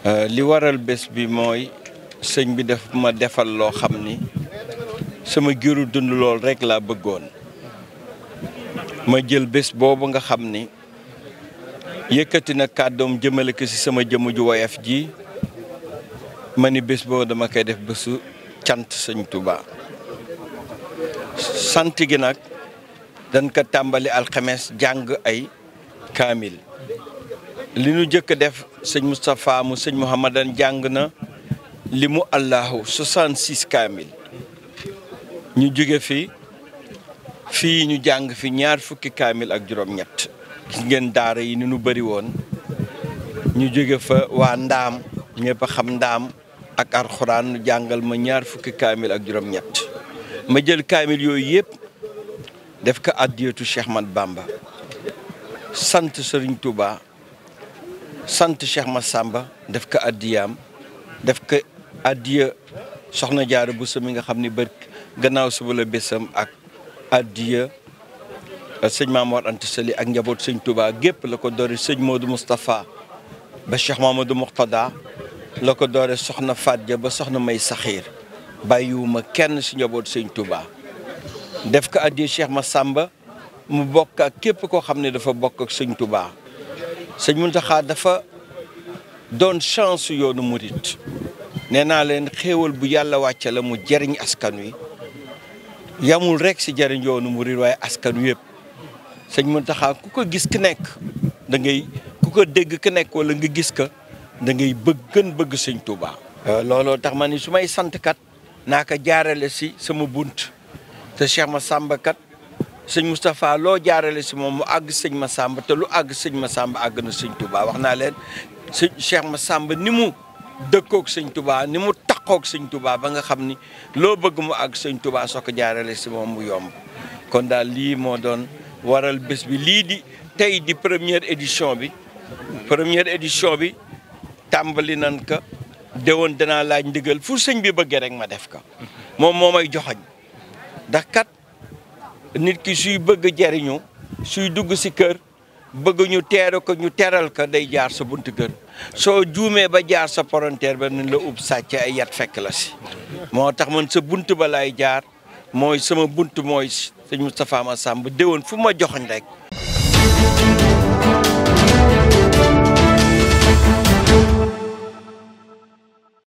Euh, li waral bés bi mooy sëñ bi def ma defal loo xam ni sama giiru dund lool rekk laa bëggoon ma jël bés boobu nga xam ni yëkkati na kàddoom jëmale ko ci sama jëmm ju woyof ji ma ni bés boobu dama koy def bésu cant sëñ Touba sant gi nag dañ ko tàmbali alxemes jàng ay kaamil li nu jëkk def sëñ Moustapha mu sëñ Mouhamadan jàng na li mu allahu kaamil ñu jóge fi fii ñu jàng fi ñaar fukki kaamil ak juróom-ñett gis ngeen daara yi ni nu bëri woon ñu jóge fa waa ndaam ñëpp a xam ndaam ak alxuraan jàngal ma ñaar fukki kaamil ak juróom-ñett ma jël kaamil yooyu yëpp def ko addiyatu Cheikh Mat Bamba sant Serigne Touba sant Cheikh sàmba def ko addiyaam def ko àddiya soxna bu Bousso mi nga xam ni bër gannaaw suba la bésam ak addiya euh, sëñ Mamoor Anta Sali ak njaboot sëñ tubaa gépp la ko doore sëñ Modou Moustapha ba Cheikh Mamadou Muqtada la ko doore soxna Fadja ba soxna May Saxiir bàyyiwu ma kenn si njaboot sëñ Touba def ko addiya ma sàmba mu bokk ak képp koo xam ne dafa bokk ak sëñ Touba sëñ taxaa dafa doon chance yoonu murit nee naa leen xéewal bu yàlla wàcce la mu jariñ askan wi yamul rek si jariñ yoonu murit waaye askan wi yëpp sëñ Mountakha ku ko gis ku nekk da ngay ku ko dégg ku nekk wala nga gis ka da ngay bëgg gën bëgg sëñ Touba. Euh, looloo tax ma ni su may sant kat naa ko jaarale si sama bunt te Cheikh Massamba kat. sëñ Moustapha loo jaarale si moom mu àgg sëñ Massamba te lu àgg sëñ sàmb àgg na sëñ Touba wax naa leen sëñ ma sàmb ni mu dëkkook sëñ Touba ni mu taqook sëñ Touba ba nga xam ni loo bëgg mu àgg sëñ Touba soo ko jaarale si moom mu yomb kon daal lii moo doon waral bés bi lii di tey di première édition bi première édition bi tàmbali nan ka déwoon danaa laaj ndigal fu sëñ bi bëggee rek ma def ko moom moo may joxoñ ndax kat nit ki suy bëgg jariñu suy dugg ci kër bëgg ñu teeru ko ñu teral ko day jaar sa buntu kër soo juumee ba jaar sa poronteer ba nañ la ub sàcc ay yat fekk la ci moo tax man sa bunt ba lay jaar mooy sama bunt mooy sëñ Moustapha sàmb déwoon fu ma joxoñ rekk